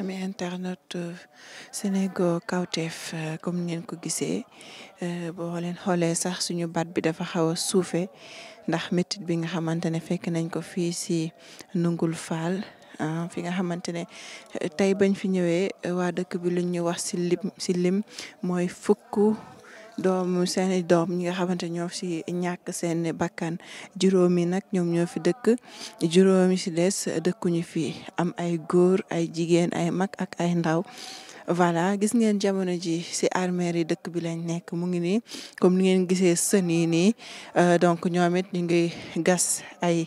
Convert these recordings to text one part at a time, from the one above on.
ami internet euh, Sénégo Kawtef euh, comme ngeen ko gisee euh, boo leen xoolee sax suñu baat bi dafa xaw a suufee ndax métit bi nga xamante ne fekk nañ ko fii si Ndungu Fall ah, fi nga xamante ne tey bañ fi ñëwee waa dëkk bi lu ñu wax si si lim mooy fukk. doom seeni doom ñi nga xamante ñoo si ñàkk seen bakkan juróomi nag ñoom ñoo fi dëkk juróomi si des dëkkuñu fi am ay góor ay jigéen ay mag ak ay ndaw voilà gis ngeen jamono ji si armeer yi dëkk bi lañ nekk mu ngi nii comme ni ngeen gisee sën nii euh, donc ñoom it ñu ngi gas ay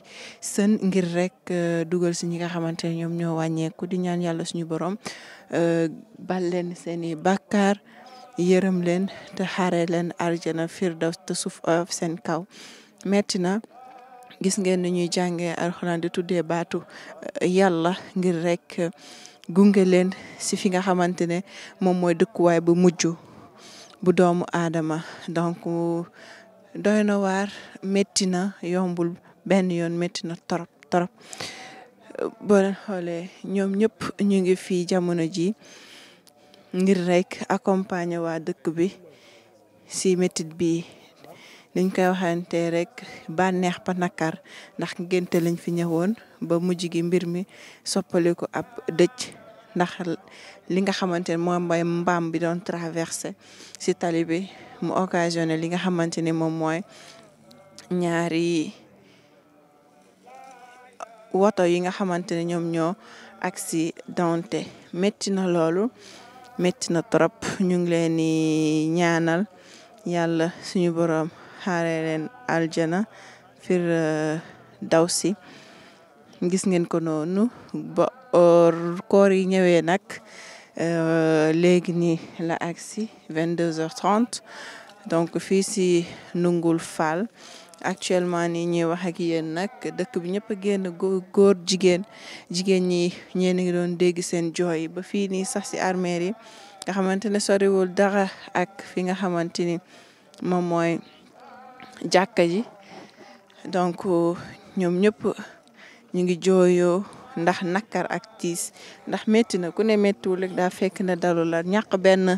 sën ngir rek euh, dugal si ñi nga xamante ne ñoom ñoo wàññeeku di ñaan yàlla suñu borom euh, bal leen seeni bàkkaar yërëm leen te xare leen arjana firdaws te suuf oyof seen kaw metti na gis ngeen ni ñuy jàngee alxuraan di tuddee baatu eh, yàlla ngir rekk eh, gunge leen si fi nga xamante ne moom mooy dëkkuwaay bu mujj bu doomu aadama donk doy na waar métti na yombul benn yoon métti na torop torop eh, boo leen ñoom ñëpp ñu ngi fii jamono ji ngir rek accompagner waa dëkk bi si metit bi niñ koy waxante rek bànneex pa nakar ndax ngénte lañ fi ñëwoon ba mujj gi mbir mi soppaliku ab dëj ndax li nga xamante ni moom mooy mbaam bi doon traversé si tali bi mu occasionné li nga xamante ni moom mooy ñaari woto yi nga xamante ne ñoom ñoo agsi donte métti na loolu métti na trop ñu ngi leen di ñaanal yàlla suñu borom xaare leen aljana fir euh, daw si gis ngeen ko noonu ba or koor yi ñëwee nag euh, léegi nii la agsi vingt-deux heures trente donc fii si Nungul Fall actuellement nii ñuy wax ak yéen nag dëkk bi ñëpp a génn góor jigéen jigéen ñi ñeen ngi doon dégg seen jooy ba fii nii sax si armeer yi nga xamante ne soriwul dara ak fi nga xamante ni moom mooy jàkka ji donc ñoom ñëpp ñu ngi jooyoo ndax nakar ak tiis ndax métti na ku ne méttiwul rek daa fekk na dalu la ñàq benn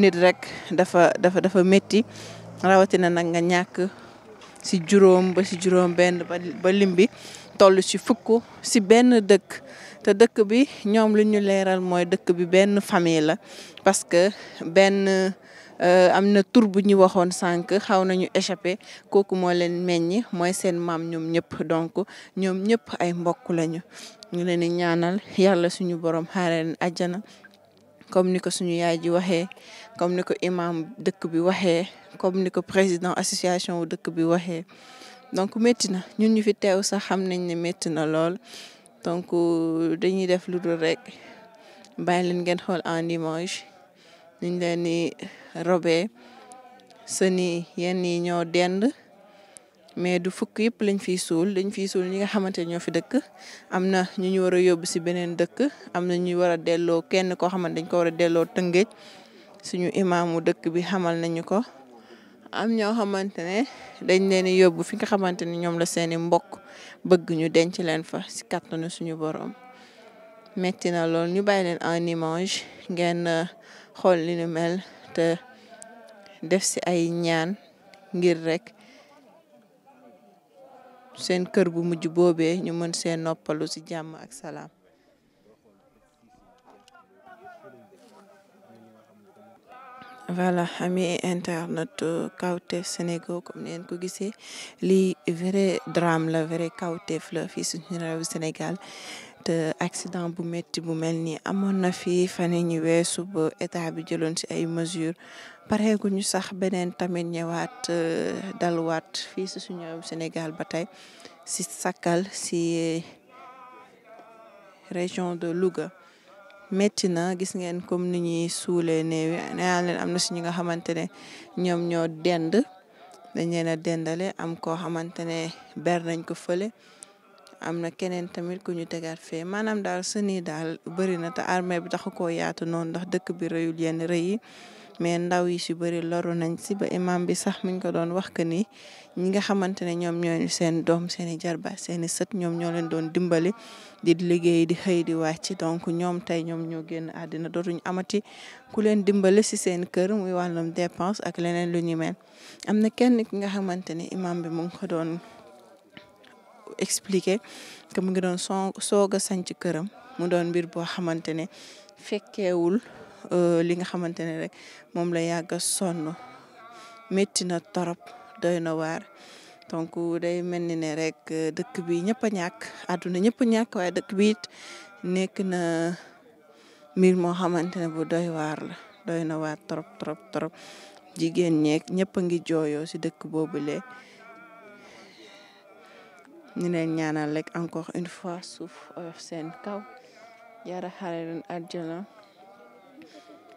nit rek dafa dafa dafa métti rawatina nag nga ñàkk si juróom ba si juróom benn ba lim bi toll ci fukk si benn dëkk te dëkk bi ñoom li ñu leeral mooy dëkk bi benn famille la parce que benn euh, am na tur bu ñu waxoon sànq xaw nañu échappé kooku moo leen meññi mooy seen maam ñoom ñëpp donc ñoom ñëpp ay mbokk lañu ñu leen di ñaanal yàlla suñu borom xaare leen àjjana comme ni ko suñu yaay ji waxee comme ni ko imam dëkk bi waxee comme ni ko président association wu dëkk bi waxee donc métti na ñun ñu fi teew sax xam nañ ne métti na lool donc euh, dañuy def lu dul rek bàyyi leen ngeen xool en dimanche ñuñ leen ni robee sëni yenn yi ñoo dend mais du fukk yëpp lañ fiy suul dañ fi suul ñi nga xamante ne ñoo fi dëkk am na ñu ñu war a yóbbu si beneen dëkk am na ñu war a delloo kenn koo xamante dañ ko war a delloo tëngéej suñu imaamu dëkk bi xamal nañu ko am ñoo xamante ne dañ leen di yóbbu fi nga xamante ne ñoom la seeni mbokk bëgg ñu denc leen fa si kàttanu suñu borom metti na lool ñu bàyyi leen en image ngeen xool li nu mel te def si ay ñaan ngir rek seen kër bu mujj boobee ñu mën seen noppalu ci jàmm ak salaam. voilà ami internet euh, kawteef Sénégal comme neen ko gisee lii vrai drame la vrai kawteef la fii suñu réew Sénégal te accident bu métti bu mel nii amoon na fi fan ñu weesu ba état bi jëloon ci ay mesures pareeguñu sax beneen tamit ñëwaat euh, dalwaat fii si suñu réew Sénégal ba tey si Sakal si euh, région de Louga. métti na gis ngeen comme ni ñuy suulee néew leen am na si ñi nga xamante ne ñoom ñoo dend dañ leen a dendale am koo xamante ne ber nañ ko fële am na keneen tamit ku ñu tegaat fee maanaam daal sëni daal bëri na te armée bi taxu ko yaatu noonu ndax dëkk bi rëyul yenn rëy yi mais ndaw yi si bëri loru nañ si ba imam bi sax muñ ko doon wax que ni ñi nga xamante ne ñoom ñooy seen doom seen i jarba seen sët ñoom ñoo leen doon dimbali di liggéey di xëy di wàcc donc ñoom tey ñoom ñoo génn àddina dootuñu amati ku leen dimbali si seen kër muy wàllum dépense ak leneen lu ñu mel am na kenn ki nga xamante ne imam bi mu ngi ko doon expliqué que mu ngi doon soog a sanc këram mu doon mbir boo xamante ne fekkeewul Euh, li nga xamante ne rek moom lay yàgg a sonn métti na torop doy na waar donc day mel ni ne rek euh, dëkk bi ñëpp a ñàkk àdduna ñëpp ñàkk waaye dëkk bi it nekk na mbir moo xamante ne bu doy waar la doy na waar trop trop trop jigéen ñeeg ñëpp a ngi jooyoo si dëkk boobule. ñu leen ñaanal rek encore une fois suuf oyof seen kaw yara xare leen àjjana